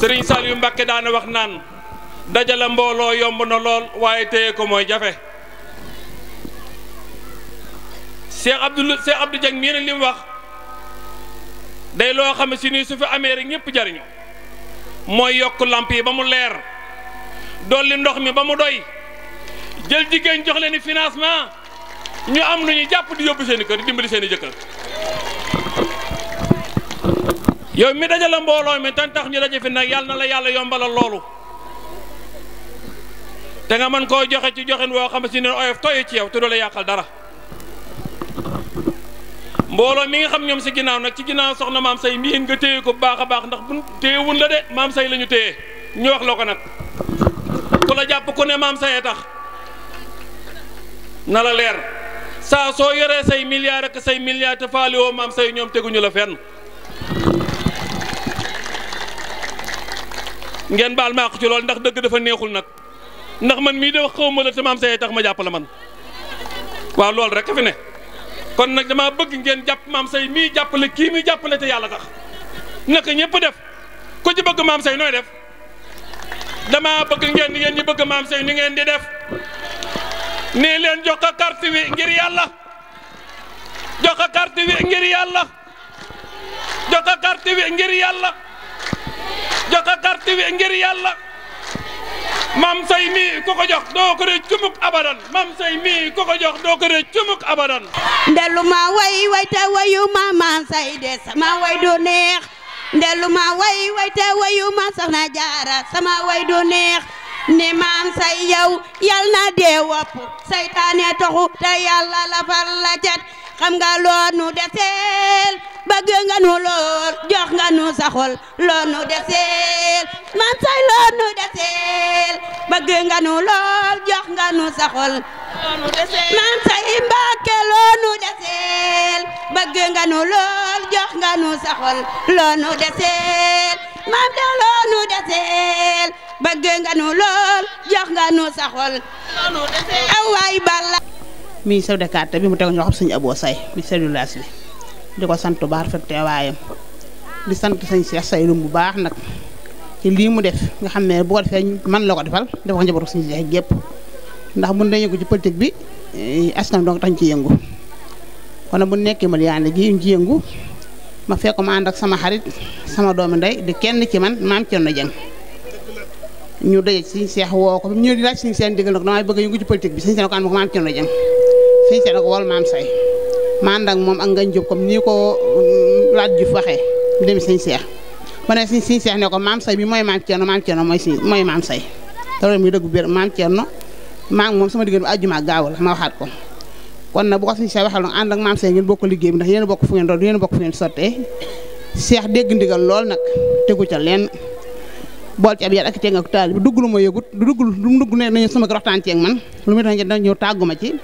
sëriñ yu Mbacke daane wax naan dajale mbooloo yomb na lool waaye téye ko mooy jafe Cheikh Abdou Cheikh Abdou Dieng mii nag li wax day loo xam si nii su fi amee rek ñëpp jariñu mooy yokk làmp yi ba mu leer dolli ndox mi ba mu doy jël jigéen jox leen financement ñu am lu ñu jàpp di yóbbu seen i kër dimbali seen i jëkkër yow mi dajale mbooloo mi tan tax ñu daje fi nag yàlla la yàlla yombalal loolu te nga mën koo joxe ci joxin woo xam si ne oyof tooy ci yow te du la yàqal dara mbooloo mi nga xam ñoom si ginnaaw nag ci ginnaaw soxna maam say miin nga téye ko baax a baax ndax bu wun la de maam say la ñu téye ñu wax la ko nag ku la jàpp ku ne maam sayee tax na la leer saa soo yoree say milliards ak say milliards te faali woo maam say ñoom teguñu la fenn ngeen baal ma àq ci loolu ndax dëgg dafa neexul nag ndax man mii de wax xaw ma la te maam say tax ma jàpp la man waaw loolu rek a fi ne kon nag damaa bëgg ngeen jàpp maam say mii jàppale kii mii jàppale te yàlla tax naka ñëpp def ku ci bëgg maam say nooy def dama bëgg ngeen yéen ñi bëgg maam say ni ngeen di def nii leen jox ko carte wi ngir yàlla jox ko carte wi ngir yàlla jox ko carte wi ngir yàlla. saxa carte bi ngir yàlla mam say mi ko ko jox doo ko rëcc mukk ndelu ma way way te wayu ma say de sama way du neex ndelu ma way way te wayu ma soxna jaara sama way du neex ne maam say yow yal na dee wopp saytaane taxu te yàlla la far la cet xam nga loonu deseel bëgg nga nu lool jox nga nu sa xol loo nu deseel man say loo nu deseel lool nu deseel bëgg nga nu lool jox nga nu sa xol nu deseel maam de loo nu deseel bëgg nga nu lool jox nga nu sa xol aw waay balla bi mu tegoon ñoo xam suñu aboo say mi cellulaas bi di ko sant baax rafet tewayam di sant sëñ Cheikh Seydou bu baax nak ci li mu def nga xam bu ko defee man la ko defal def ko njabootu sëñ Cheikh gep ndax bu dañu ko ci politique bi asnam eh, dong tan ci yengu kon bu nekké ma yaande gi ci yengu ma fekk ma ak sama xarit sama doomi nday di kenn ci man maam no Dieng ñu daje ci sëñ Cheikh wo ko ñu di laaj sëñ Cheikh digal nak dama bëgg yëngu ci politique bi sëñ Cheikh ko ànd ko maam Thierno Dieng Cheikh ko wol maam say ma ak moom ak ngañ jóg ko nii mm, ko laaj Juuf waxee dem sëñ Seex ma ne sëñ sëñ Seex ne ko maam say bi mooy maam Cerno maam Cerno mooy sëñ mooy maam say te loolu muy dëgg biir maam Cerno maam moom sama diggante bi àjjuma gaaw ko kon nag bu ko sëñ Seex waxee loolu ànd ak maam bokk liggéey ndax yéen bokk fu ngeen doon yéen a bokk fu ngeen sottee Seex dégg lool nag tegu ca leen bool ci ab yar ak ak taal dugg lu ma yëgut du dugg lu mu ne nañu sama ko waxtaan man lu muy tax dañ ñëw tàggu ma ci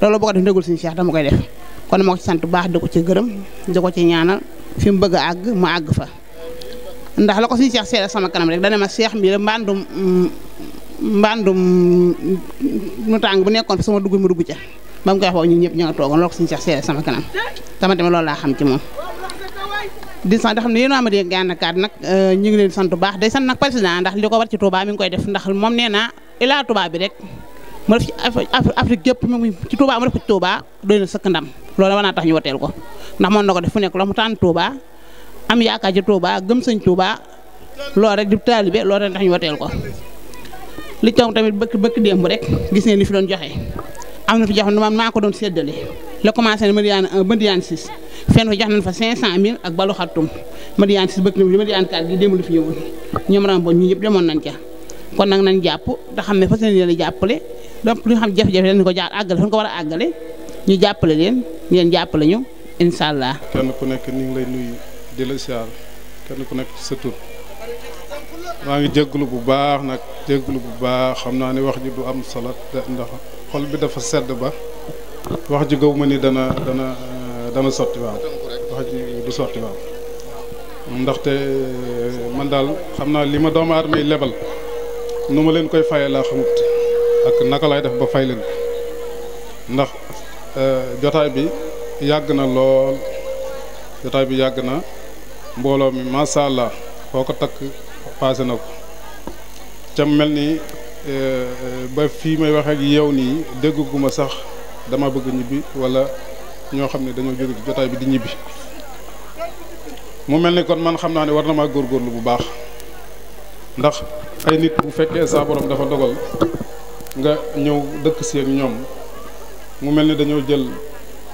loolu boo ko def ndégul sëñ Seex dama koy def kon moo ko ci sant bu baax di ko ci gërëm di ko ci ñaanal fi mu bëgg a àgg mu àgg fa ndax la ko suñu seex seere sama kanam rek dana ma seex mbi la mbandum bu nekkoon fi sama dugg ca ba mu koy wax ñëpp ña nga toogoon loolu kanam tama tamit loolu laa xam ci moom di sant xam ne yéen waa Madické Gànnaar nag euh, ñu ngi leen sant baax day sant nag président ndax li ko war ci Touba mi koy def ndax moom nee naa ilaa Touba bi rek mu def ci Afrique gépp mu ci Touba mu def ko ci doy na sëkk ndam loolu war naa tax ñu wateel ko ndax mën na ko def fu nekk loolu mu tànn Touba am yaakaar ci Touba gëm sëñ Touba loolu rek di taalibe loolu rek tax ñu wateel ko. li taw tamit bëkk bëkk bu rek gis ngeen ni fi doon joxe am na fi jox man naa ko doon séddale la commencé ne Madiyana 1 Madiyana 6 fenn fa jox nañ fa 500000 ak balu xattum Madiyana 6 bëkk bi Madiyana 4 gi démb la fi ñëwoon ñoom boo ñun ñëpp demoon nañ ca kon nag nañ jàpp te xam ne fas yéene la jàppale donc lu xam jafe-jafe dañ ko jaar àggale fan ko war a àggale ñu jàppale leen ñu leen jàppale ñu incha allah. kenn ku nekk ñu ngi lay nuyu di la siyaar kenn ku nekk ci sa tur maa ngi jégalu bu baax nag jégalu bu baax xam naa ni wax ji du am solo ndax xol bi dafa sedd ba wax ji gaw ma ni dana dana dana sotti waaw wax ji du sotti waaw ndaxte man daal xam naa li ma doomu aadama lebal nu ma leen koy fayee laa xamut. ak naka lay def ba fay leen ndax euh, jotaay bi yàgg na lool jotaay bi yàgg na mbooloo mi macha foo ko takk paase na ko ca mel ni euh, ba fii may wax ak yow nii dégguguma sax dama bëgg ñibbi walla ñoo xam ni dañoo jóge ci jotaay bi di ñibbi mu mel ni kon man xam naa ne war na maa góorgóorlu bu baax ndax ay nit bu fekkee saa borom dafa dogal nga ñëw dëkk si ak ñoom mu mel ni dañoo jël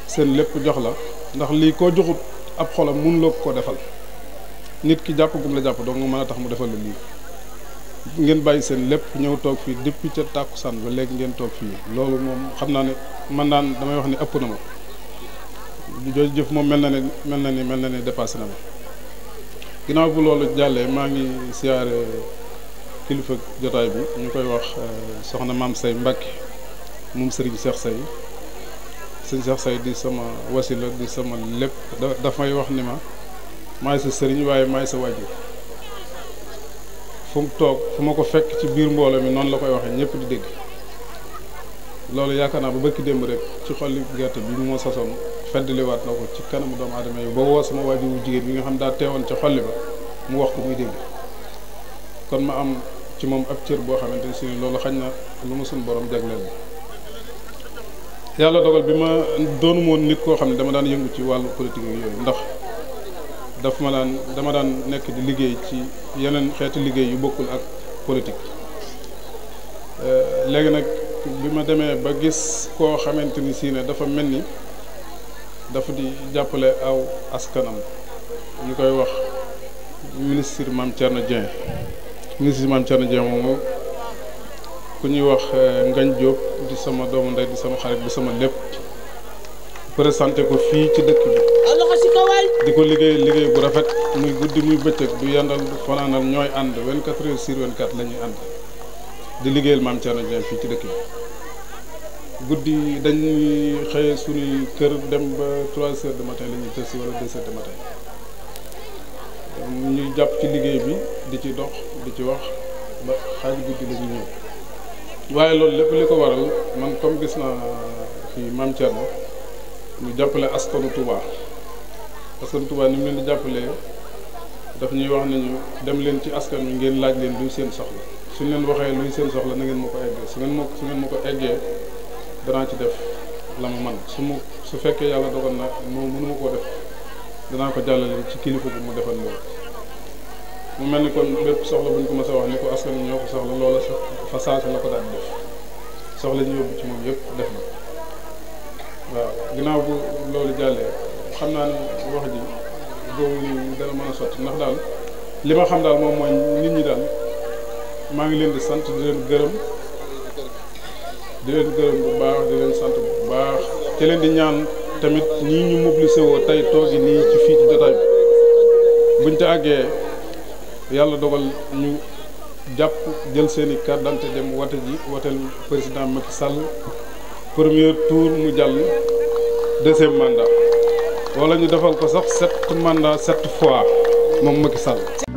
seen lépp jox la ndax lii koo joxut ab xolam mun loo ko defal nit ki jàpp gum la jàpp doo nga mën a tax mu defal la lii ngeen bàyyi seen lépp ñëw toog fii depuis ca tàkku tàkkusaan ba léegi ngeen toog fii loolu moom xam naa ne man naan damay wax ni ëpp na ma jooju jëf moom mel na ne mel na ni mel na ni dépassé na ma ginnaaw bu loolu jàllee maa ngi siyaare kilifa jotaay bi ñu koy wax euh, soxna maam say Mbacke mu sëriñ Cheikh Say sëñ Cheikh Say di sama wasila di sama lépp daf may wax ni ma maay sa sëriñ waaye maay sa waajur fu toog fu ma ko fekk ci biir mbooloo mi noonu la koy waxee ñëpp di dégg loolu yaakaar naa bu bëkki démb rek ci xolli gerte bi moo sasoon feddliwaat na ko ci kanamu doomu adama yi ba woo sama waajur wu jigéen bi nga xam daa teewoon ca xolli ba mu wax ko muy dégg kon ma am ci moom ab cër boo xamante ne si loolu xañ na lu ma suñ borom jagleel yàlla dogal bi ma doonu moon nit koo xam ne dama daan yëngu ci wàllu politique yooyu ndax daf ma daan dama daan nekk di liggéey ci yeneen xeeti liggéey yu bokkul ak politique eh, léegi nag bi ma demee ba gis koo xamante ni si ne dafa mel ni dafa di jàppale aw askanam ñu koy wax ministre Mame na Dieng ministre Mame Thierno Dieng ku ñuy wax euh, Ngagne Diop di sama doomu ndey di sama xarit di sama lépp présenté ko fii ci dëkk bi ah, di ko liggéey liggéey bu rafet muy guddi muy bëccëg du yendal fanaanal ñooy ànd 24 heures sur 24 la ñuy ànd di liggéeyal Mame Thierno Dieng fii ci dëkk bi guddi dañuy xëyee suñuy kër dem ba 3 heures du matin la ñuy tës wala 2 heures du matin ñuy jàpp ci liggéey bi di ci dox di ci wax ba xaaju bi dina ñu ñëw waaye loolu lépp li ko waral man comme gis naa fi mam Thierno ñu jàppale askanu tuba askanu tuba ni mu leen di jàppalee daf ñuy wax nañu dem leen ci askan wi ngeen laaj leen luy seen soxla suñ leen waxee luy seen soxla na ngeen ma ko eggee su ngeen ma su ngeen ma ko eggee danaa ci def la ma man su mu su fekkee yàlla dogal na moo mënu ma koo def danaa ko jàllale ci kilifa bu mu defal loolu mu mel ni kon bépp soxla bu ñu ko mës a wax ni ko askan wi ñoo ko soxla loola sax fa saasa la ko daal di def soxla ñu yóbbu ci moom yëpp def na waaw ginnaaw bu loolu jàllee xam naa ne wax ji boobu ni dana mën a sotti ndax daal li ma xam daal moom mooy nit ñi daal maa ngi leen di sant di leen gërëm di leen gërëm bu baax di leen sant bu baax te leen di ñaan tamit ñii ñu mobilisé woo tey yi nii ci fii ci jotaay bi buñ te àggee yàlla dogal ñu jàpp jël seeni i carte d'identité dem wate ji wateel président Macky Sall premier tour mu jàll deuxième mandat wala ñu defal ko sax sept mandat sept fois moom Macky Sall